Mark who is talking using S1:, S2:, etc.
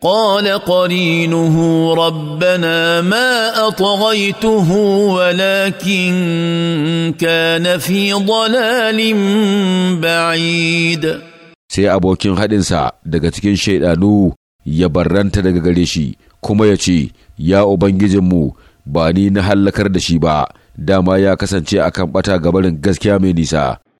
S1: قال قرينه ربنا ما walakin ولكن كان في ضلال بعيد
S2: sai abokin haɗinsa daga cikin shaidanu ya barranta daga gare shi kuma ya ce ya ubangijinmu ba ni na hallakar da shi ba dama ya kasance akan ɓata gabarin gaskiya mai nisa